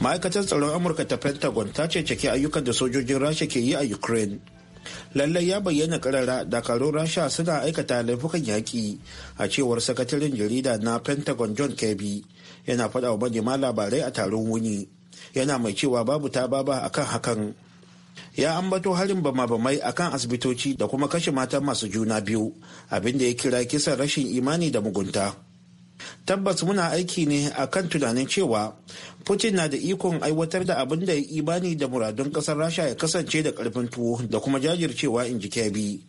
ma'aikatar tsaron amurka ta pentagon ta ce cike ayyukan da sojojin rasha ke yi a ukraine lallai ya bayyana karara dakarun rasha suna aikata laifukan yaƙi a cewar sakataren jarida na pentagon john kirby yana faɗa wa manema labarai a taron wuni yana mai cewa babu ta baba akan hakan ya ambato harin bama-bamai akan asibitoci da kuma kashe mata masu juna biyu abinda ya kira kisan rashin imani da mugunta tabbas muna aiki ne a kan tunanin cewa putin na da ikon aiwatar da abin da ya imani da muradun kasar rasha ya kasance da karfin tuwo da kuma jajircewa in ji kyabi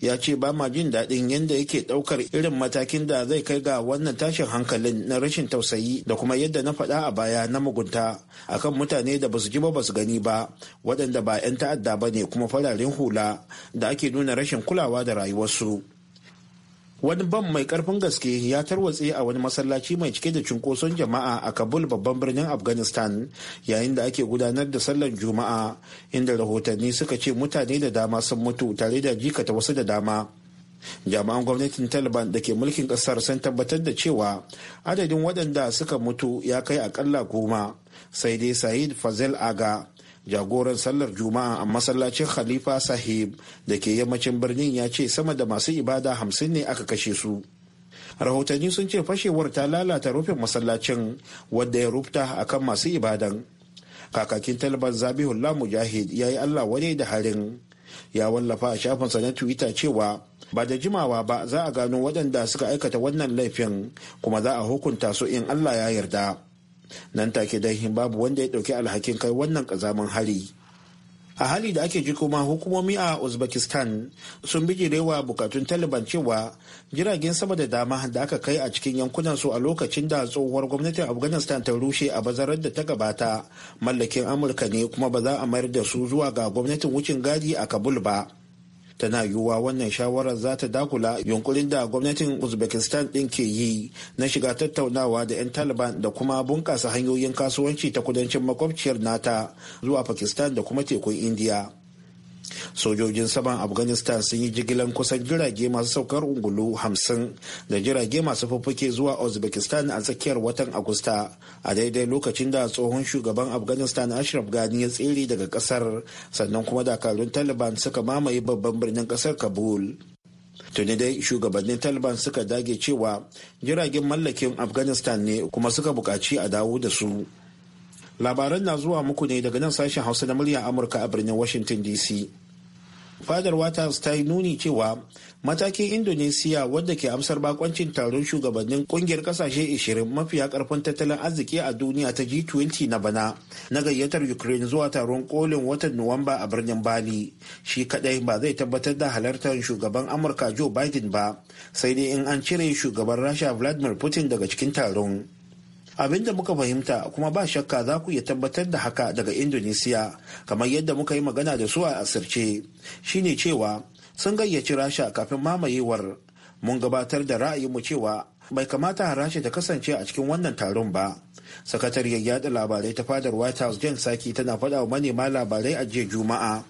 ya ce ba ma jin daɗin yadda yake ɗaukar irin matakin da zai kai ga wannan tashin hankalin na rashin tausayi da kuma yadda na faɗa a baya na mugunta akan mutane da basu ji ba basu gani ba waɗanda ba 'yan ta'adda ba ne kuma fararen hula da ake nuna rashin kulawa da rayuwarsu wani bam mai karfin gaske ya tarwatse a wani masallaci mai cike da cunkoson jama'a a kabul babban birnin afghanistan yayin da ake gudanar da sallar juma'a inda rahotanni suka ce mutane da dama sun mutu tare da jikata wasu da dama jami'an gwamnatin taliban da ke mulkin kasar sun tabbatar da cewa adadin waɗanda suka mutu ya kai akalla goma sai dai said fazel aga jagoran sallar juma'a a masallacin khalifa sahib da ke yammacin birnin ya ce sama da masu ibada hamsin ne aka kashe su rahotanni sun ce fashewar ta lalata rufin masallacin wadda ya rufta akan masu ibadan kakakin taliban zabihullah mujahid ya yi allah wani da harin ya wallafa a shafinsa na twitter cewa ba da jimawa ba za a gano waɗanda suka aikata wannan laifin kuma za a hukunta su in allah ya yarda nan take dai babu wanda ya dauki alhakin kai wannan kazamin hari a hali da ake ji kuma hukumomi a uzbekistan sun bijirewa bukatun taliban cewa jiragen sama da dama da aka kai a cikin yankunan su a lokacin da tsohuwar gwamnatin afghanistan ta rushe a bazarar da ta gabata mallakin amurka ne kuma ba za a mayar da su zuwa ga gwamnatin wucin gadi a kabul ba tana yiwuwa wannan shawarar za ta dakula yunkurin da gwamnatin uzbekistan din ke yi na shiga tattaunawa da 'yan taliban da kuma bunƙasa hanyoyin kasuwanci ta kudancin makwabciyar nata zuwa pakistan da kuma tekun indiya sojojin saman afghanistan sun yi jigilan kusan jirage masu saukar ungulu 50 da jirage masu fuffuke zuwa uzbekistan a tsakiyar watan agusta a daidai lokacin da tsohon shugaban afghanistan ashraf gani ya tsere daga kasar sannan kuma dakarun taliban suka mamaye babban birnin kasar kabul tuni dai shugabannin taliban suka dage cewa jiragen mallakin afghanistan ne kuma suka buƙaci a dawo da su labaran na zuwa muku ne daga nan sashen hausa na murya amurka a birnin washington dc fadar waters ta yi nuni cewa matakin indonesiya wadda ke amsar bakoncin taron shugabannin kungiyar kasashe 20 mafiya karfin tattalin arziki a duniya ta g20 na bana na gayyatar ukraine zuwa taron kolin watan nuwamba a birnin bali shi kadai ba zai tabbatar da halartar shugaban amurka joe biden ba sai dai in an cire shugaban rasha vladimir putin daga cikin taron abin da muka fahimta kuma ba shakka za ku iya tabbatar da haka daga indonesiya kamar yadda muka yi magana da su a asirce shine cewa sun gayyaci rasha kafin mamayewar mun gabatar da ra'ayinmu cewa bai kamata harashe ta kasance a cikin wannan taron ba sakatariyar yada labarai ta fadar white house jen saki tana faɗa wa manema labarai a jiya juma'a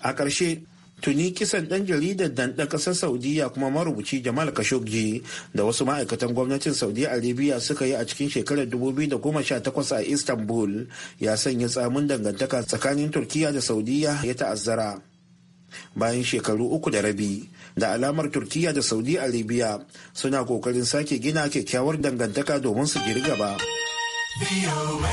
a ƙarshe tuni kisan ɗan jaridar dan ɗan ƙasar saudiya kuma marubuci jamal kashoggi da wasu ma'aikatan gwamnatin saudi arabia suka yi a cikin shekarar 2018 a istanbul ya sanya tsamin dangantaka tsakanin turkiya da saudiya ya ta'azzara bayan shekaru uku da rabi da alamar turkiya da saudi arabia suna kokarin sake gina kyakkyawar dangantaka domin su girgaba. gaba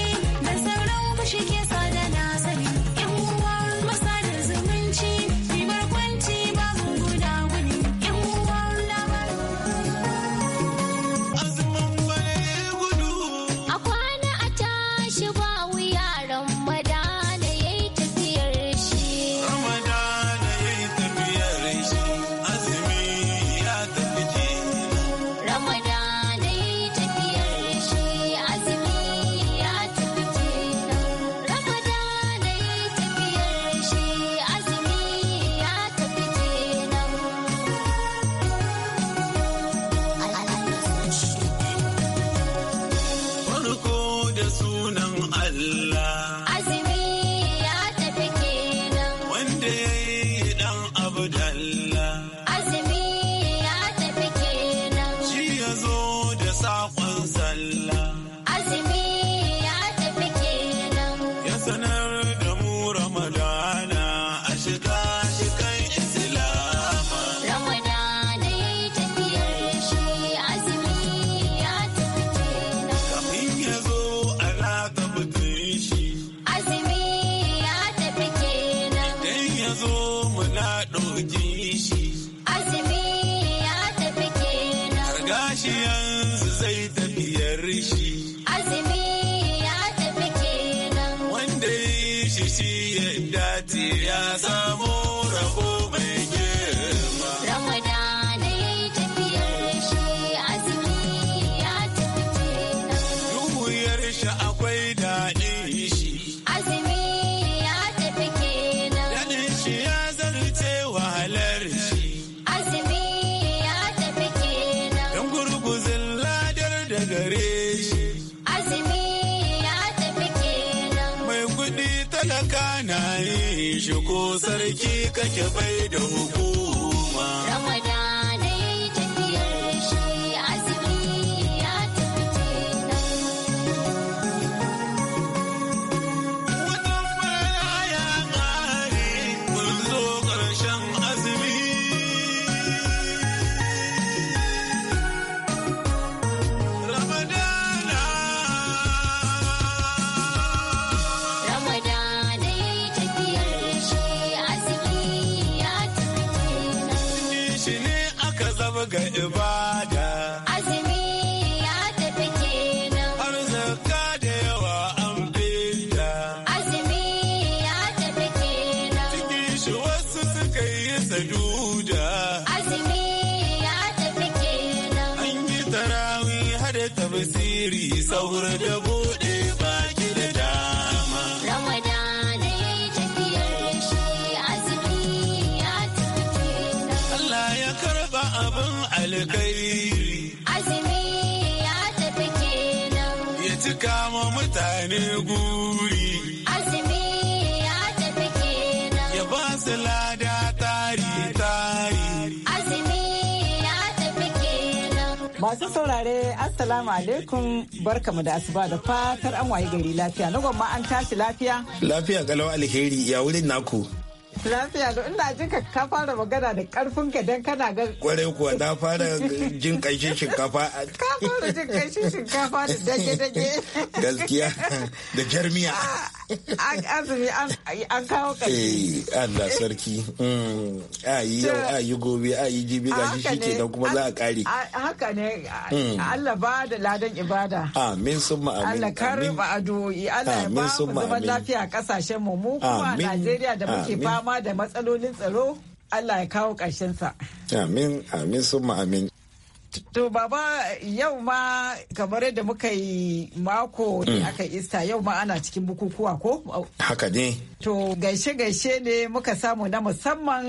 shi ko sarki kake bai da hukuma. saurare Assalamu alaikum barkamu da asuba da fatar an waye gari lafiya na gwamma an tashi lafiya. Lafiya galawa alheri ya wurin naku. Lafiya da ina jin ka ka fara magana da karfin ka dan kana ga. kware kuwa na fara jin kaishin shinkafa. Ka fara jin kaishin shinkafa da dage-dage. Gaskiya da jarmiya. An azumi an kawo ƙarshe. Eh Allah sarki. Mm, a yi yau a yi gobe a yi jibi ga shi ke nan kuma za a kare. Haka ne mm. Allah ba da ladan ibada. Amin summa amin. Allah karba addu'o'i Allah ya ba mu zaman lafiya a mu mu kuma Najeriya da muke fama fama da matsalolin tsaro Allah ya kawo sa. Amin, amin summa amin. To baba yau ma kamar yadda muka yi mako ne mm. aka ista yau ma ana cikin bukukuwa ko? Haka ne. To gaishe-gaishe ne muka samu na musamman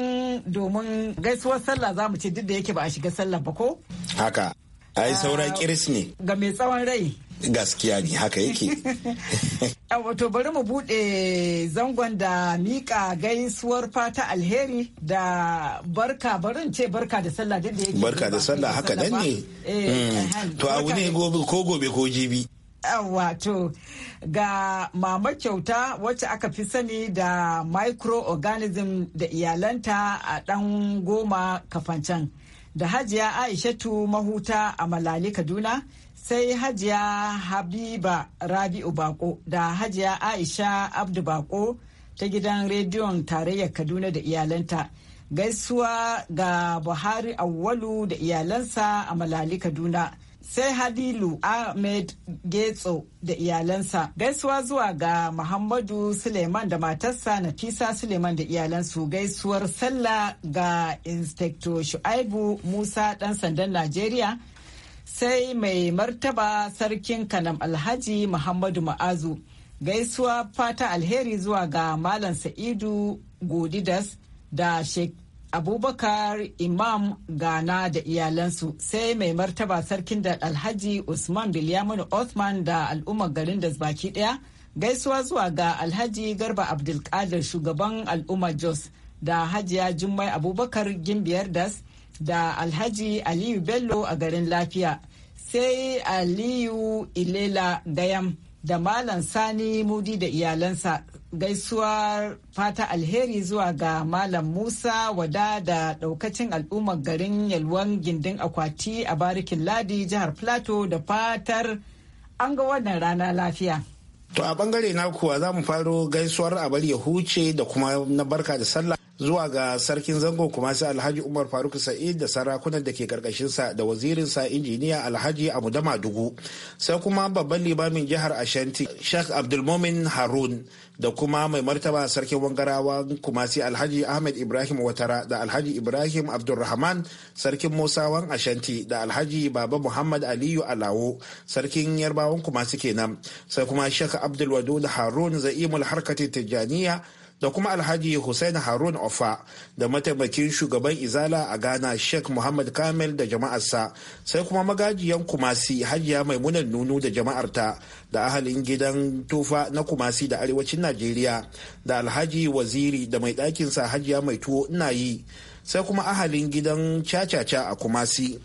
domin gaisuwar sallah za mu ce duk da yake ba a shiga sallah ba ko? Haka. Ai saura ah, kiris ne. Ga mai tsawon rai. gaskiya ne haka yake wato bari mu bude zangon da mika gaisuwar fata alheri da barka barin ce barka da sallah da yake barka da sallah haka nan ne eh, mm. eh, eh, to a wuni gobe ko gobe ko jibi wato ga mama kyauta wacce aka fi sani da microorganism da iyalanta a dan goma kafancan da hajiya aishatu mahuta a malali kaduna sai hajiya habiba rabi'u bako da hajiya aisha abdu bako ta gidan rediyon tarayyar kaduna da iyalanta gaisuwa ga buhari awwalu da iyalansa a malali kaduna sai hadilu Ahmed Getso da iyalansa. Gaisuwa zuwa ga Muhammadu Suleiman da matarsa Nafisa Suleiman da iyalansu gaisuwar sallah ga Inspector Shu'aibu Musa dan sandan Najeriya. Sai mai martaba sarkin Kanam Alhaji Muhammadu Ma'azu. Gaisuwa fata alheri zuwa ga Malam Sa'idu Godidas da Sheikh abubakar imam gana da iyalansu sai mai martaba sarkin da alhaji usman bilyaminu othman da al'ummar garin da baki daya gaisuwa zuwa ga alhaji garba abdulkadir shugaban al'ummar jos da hajiya jummai abubakar gimbiyar das da alhaji aliyu bello a garin lafiya sai aliyu ilela gayam da malam sani mudi da iyalansa gaisuwar fata alheri zuwa ga Malam Musa wada da daukacin al'ummar garin yalwan gindin akwati a barikin ladi jihar Plateau da fatar an ga wannan rana lafiya. To a bangare na kuwa za mu faro gaisuwar abar ya huce da kuma na barka da sallah zuwa ga sarkin zango kuma sai alhaji umar faruk sa'id da sarakunan da ke karkashinsa da wazirinsa injiniya alhaji amuda dugu sai kuma babban limamin jihar ashanti sheikh abdulmomin harun da kuma mai martaba sarkin wangarawa kumasi alhaji ahmed ibrahim watara da alhaji ibrahim abdulrahman sarkin musawan ashanti da alhaji baba muhammad aliyu alawo sarkin yarbawan kumasi kenan sai kuma sheikh abdulwadud harun za'imul harkatin tijjaniya da kuma alhaji hussain harun ofa da mataimakin shugaban izala a ghana sheikh muhammad kamil da jama'arsa sai kuma magajiyan kumasi hajiya maimunan nunu da jama'arta da ahalin gidan tufa na kumasi da arewacin najeriya da alhaji waziri da mai ɗakinsa hajiya mai tuwo ina yi sai kuma ahalin gidan cacaca a kumasi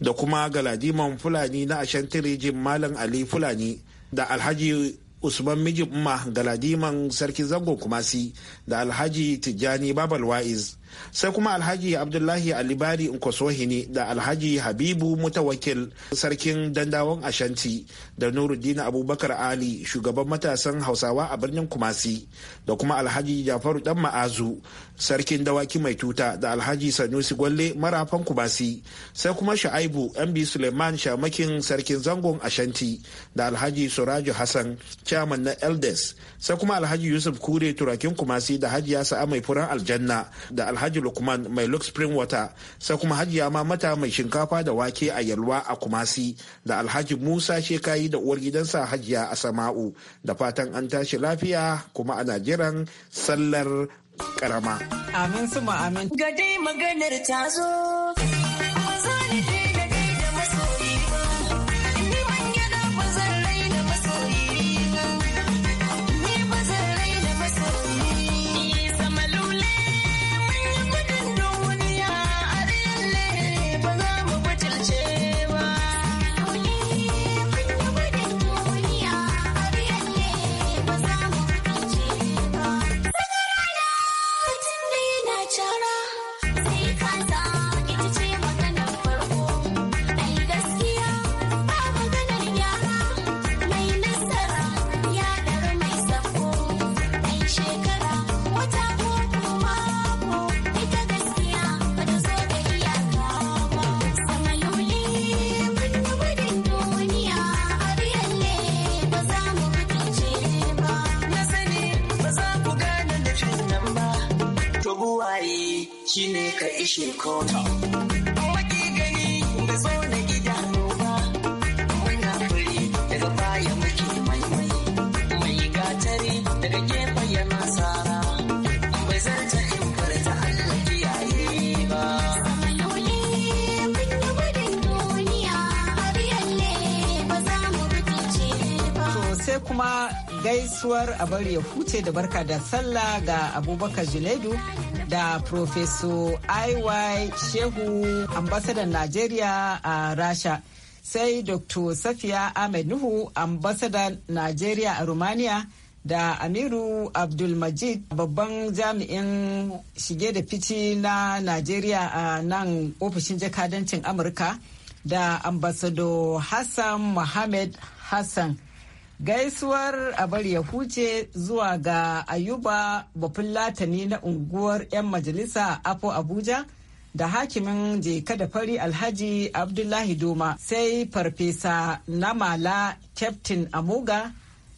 da kuma galadiman fulani na ashantirijin malam ali fulani da alhaji usman miji umma galadiman sarki zango kumasi da alhaji tijjani babal wa'iz sai kuma alhaji abdullahi alibari nkwasohini da alhaji habibu mutawakil sarkin dandawan ashanti da nuruddin abubakar ali shugaban matasan hausawa a birnin kumasi da kuma alhaji jafaru dan ma'azu sarkin dawaki mai tuta da alhaji sanusi gwalle marafan kumasi sai kuma sha'aibu mb suleiman shamakin sarkin zangon ashanti da alhaji suraju hassan chairman na eldes sai kuma alhaji yusuf kure turakin kumasi da hajiya sa'a mai furan aljanna da alhaji alhaji lukman mai lux spring water sai kuma hajiya ma mata mai shinkafa da wake a yalwa a kumasi da alhaji musa shekayi da uwar gidansa hajiya a sama'u da fatan an tashi lafiya kuma ana jiran sallar karama amin su amin Gade maganar ta zo It's your corner. gaisuwar a bari ya huce da barka da sallah ga abubakar jiledu da profeso iy shehu ambasadan najeriya a rasha sai dr safiya ahmed nuhu ambasadan najeriya a romania da amiru abdulmajid babban jami'in shige da fici na najeriya a nan ofishin jakadancin amurka da ambasado hassan mohammed hassan gaisuwar a bari ya huce zuwa ga ayuba bafin na unguwar 'yan majalisa afo abuja da hakimin jeka da fari alhaji abdullahi doma sai farfesa namala captain amuga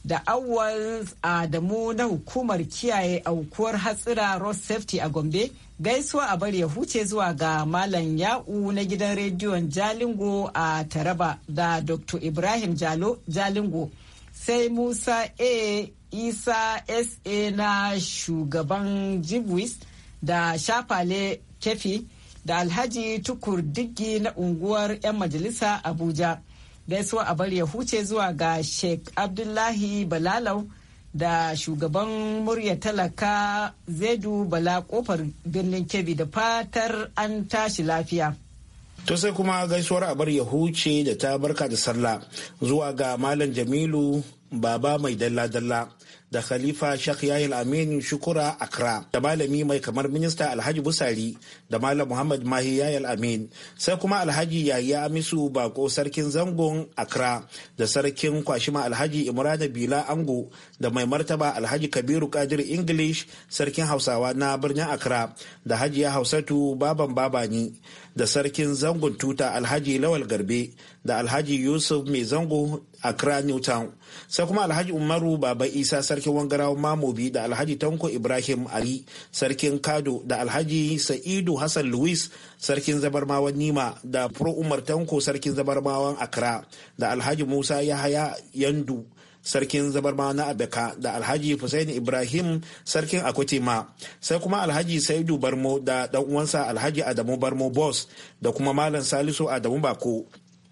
da awwal adamu na hukumar kiyaye aukuwar hatsira road safety a gombe gaisuwa a bari ya huce zuwa ga malam ya'u na gidan rediyon jalingo a taraba da dr ibrahim jalo jalingo sai musa a isa sa na shugaban jibwis da shafale kefi da alhaji tukur diggi na unguwar 'yan majalisa abuja gaisuwa a bar ya huce zuwa ga sheikh abdullahi balalau da shugaban murya talaka zaidu bala kofar birnin kebbi da fatar an tashi lafiya to sai kuma gaisuwar a abar ya huce da ta barka da sallah zuwa ga malam jamilu baba mai dalla-dalla da khalifa shek yahil amin shukura akra da malami mai kamar minista alhaji busari da malam muhammad mahi yahil amin sai kuma alhaji yahya amisu bako sarkin zangon akra da sarkin kwashima alhaji imrana bila ango da mai martaba alhaji kabiru kadir english sarkin hausawa na birnin akra da hajiya hausatu baban babani da sarkin zangon tuta alhaji lawal garbe da alhaji yusuf mai zango a kra newtown sai kuma alhaji umaru baba isa sarkin wangarawa mamobi da alhaji tanko ibrahim ali sarkin kado da alhaji sa'idu hassan louis sarkin zabarmawan nima da pro umar tanko sarkin zabarmawan accra da alhaji musa yahaya yandu sarkin zabarma na abeka da alhaji Fusaini ibrahim sarkin akutima sai kuma alhaji saidu barmo da dan uwansa alhaji adamu barmo boss da kuma malam salisu adamu bako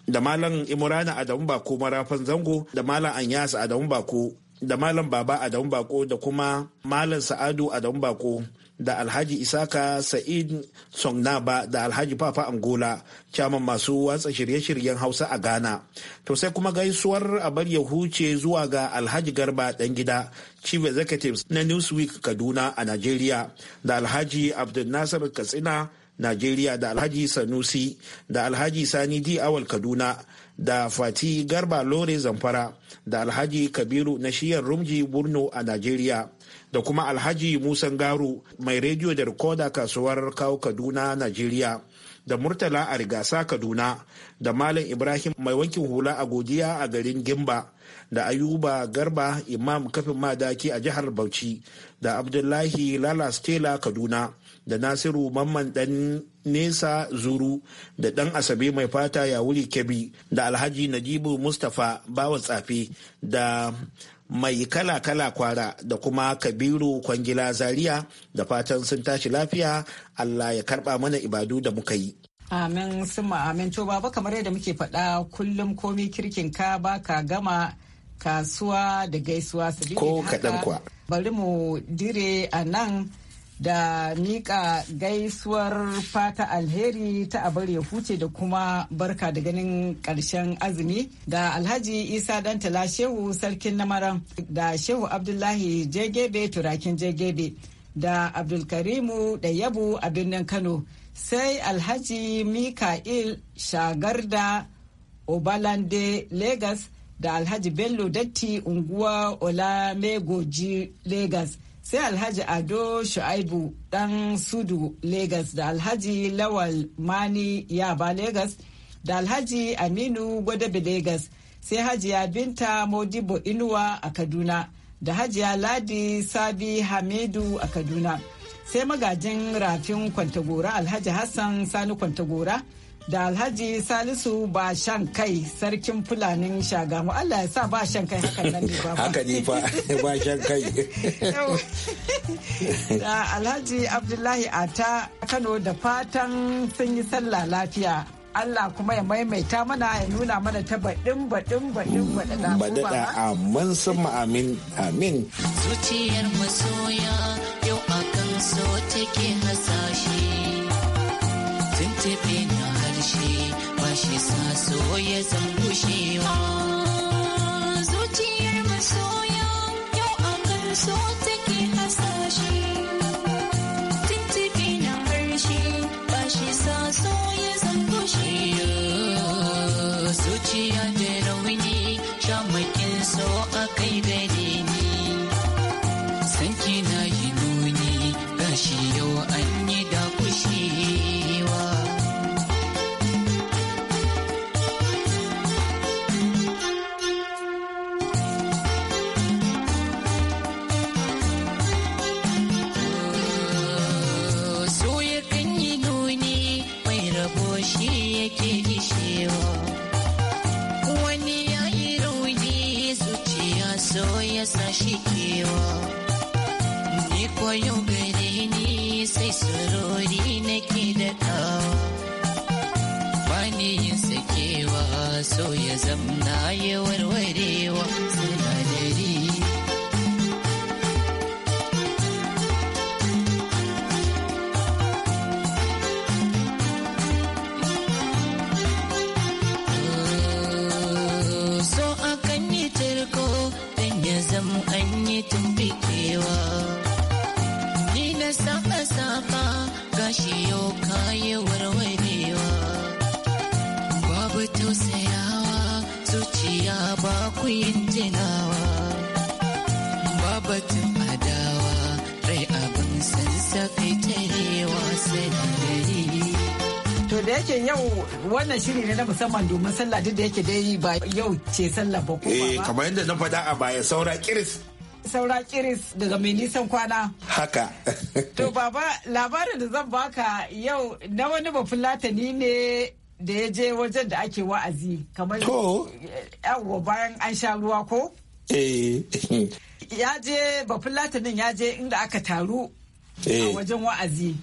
da malam imurana adamu bako marafan zango da malam anyas adamu bako da malam baba adamu bako da kuma malam sa'adu adamu bako da alhaji isaka sa'id songnaba da alhaji papa angola caman masu watsa shirye-shiryen hausa a ghana to sai kuma gaisuwar abar ya huce zuwa ga alhaji garba dan gida chief executive na newsweek kaduna a nigeria da alhaji abdul katsina nigeria da Alhaji Sanusi da Alhaji Sani di Awal Kaduna da Fati Garba Lore Zamfara da Alhaji Kabiru na shiyar Rumji Burno a nigeria. da kuma alhaji musan garu mai rediyo da rikoda kasuwar kawo kaduna najeriya da murtala a rigasa kaduna da malam ibrahim mai wankin hula a godiya a garin gimba da ayuba garba imam kafin madaki a jihar bauchi da abdullahi lala stela kaduna da nasiru mamman dan nesa zuru da dan asabe mai fata ya wuri kebi da alhaji najibu mustapha bawa tsafe da mai kala-kala kwara da kuma kabiru kwangila zaria da fatan sun tashi lafiya allah ya karba mana ibadu da muka yi amin suma amin to baba kamar yadda muke faɗa kullum komi kirkin ka baka gama kasuwa da gaisuwa su ko kaɗan kwa bari mu dire a nan da mika gaisuwar fata alheri ta abar ya huce da kuma barka da ganin karshen azumi da alhaji isa dantala shehu sarkin namaran da shehu abdullahi jegebe turakin jegebe da abdulkarimu da yabu a birnin kano sai alhaji mika'il shagarda obalande lagos da alhaji bello datti unguwa olamegoji lagos sai alhaji ado shu'aibu dan sudu lagos da alhaji lawal mani yaba lagos da alhaji aminu gwadabe lagos sai hajiya binta modibo inuwa a kaduna da hajiya ladi sabi hamidu a kaduna sai magajin rafin kwantagora alhaji hassan sani kwantagora da alhaji salisu ba shan kai sarkin fulanin shagamu allah ya sa ba shan kai hakan nan ne ba haka ne ba shan kai da alhaji abdullahi ata kano da fatan sun yi sallah lafiya Allah kuma ya maimaita mana ya nuna mana ta baɗin baɗin baɗin baɗaɗa. a mun sama amin amin. Zuciyar masoya yau akan so take hasashe. Tuntube so zan gushewa zuciyar masoya yau akan so take tausayawa zuciya ba ku yin jinawa babatun adawa rai abin sansa kai tarewa sai gari to da yake yau wannan shiri ne na musamman domin sallah duk da yake dai ba yau ce sallah ba kuma eh kamar yadda na faɗa a baya saura kiris saura kiris daga mai nisan kwana haka to baba labarin da zan baka yau na wani bafulatani ne da ya je wajen da ake wa'azi kamar yawo bayan an sha ruwa ko? Eh. ya je bafulatinin ya je inda aka taru a eh. wajen wa'azi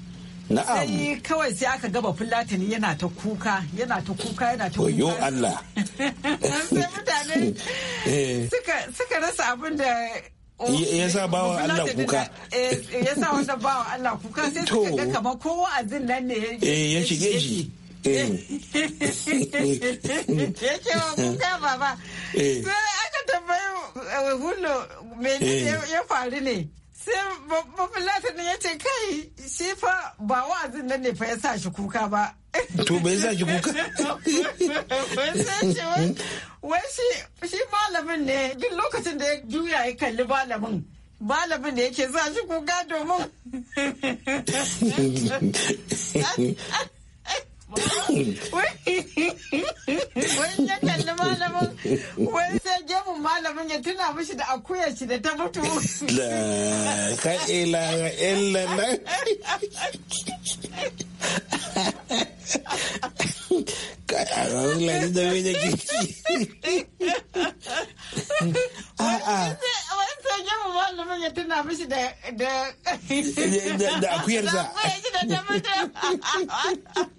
Na'am. Sai kawai sai aka gaba Fulatani yana ta kuka, yana ta kuka, yana ta kuka. Yo Allah. Sai mutane eh. suka rasa abin da ya sa bawa Allah kuka. Ya sa wanda bawa Allah kuka sai suka ga kamar ko wa'azin nan ne ya shige shi. baba eh. eh. eh. sai aka tambayi hullo mene ya faru ne sai bafulata ne ya ce kai shi fa ba wa'azin nan ne fa ya sa shi kuka ba to bai sa shi kuka wai shi malamin ne duk lokacin da ya juya ya kalli malamin malamin ne yake sa shi kuka domin wai ya malamin wai sai gemun malamin ya tuna mishi da akuyar shi da ta mutu la ka illa Kai, da wani A'a. sai malamin ya tuna mishi da da Da da ta mutu.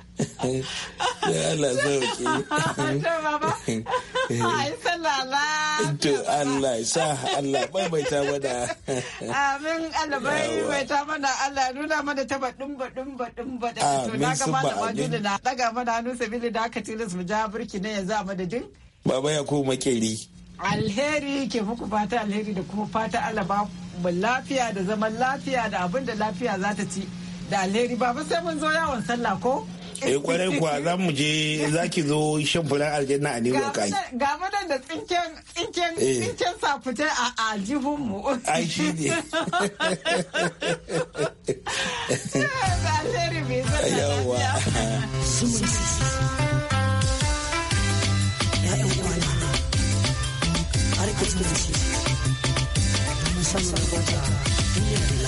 Allah sauke. To Allah sa Allah bai ta mana. Amin Allah bai ta mana Allah nuna mana ta baɗin baɗin baɗin baɗin. Amin su ba da Na daga mana hannu sabili da aka tilas mu ja burki ne yanzu a madadin. Baba ya ko makeri. Alheri ke muku fata alheri da kuma fata Allah ba lafiya da zaman lafiya da abin da lafiya za ta ci. Da alheri ba sai mun zo yawon sallah ko? eh kwarai kuwa za mu je za ki zo shan furen aljanna a nemo kai ga mu da tsinken tsinken eh. tsinken a aljihun mu ai shi ne yawa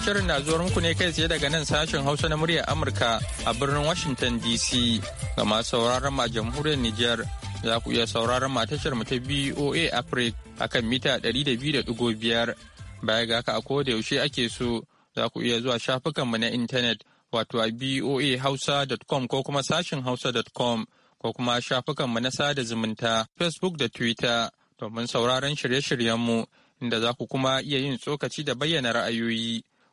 shirin na zuwar muku ne kai tsaye daga nan sashen Hausa na muryar Amurka a birnin Washington DC ga masu sauraron ma jamhuriyar Nijar za ku iya sauraron ma tashar mu ta BOA Africa akan mita 200.5 baya ga haka a da yaushe ake so za ku iya zuwa shafukan mu na intanet wato a boahausa.com ko kuma sashin hausa.com ko kuma mu na sada zumunta facebook da twitter domin sauraron shirye shiryen mu inda za ku kuma iya yin tsokaci da bayyana ra'ayoyi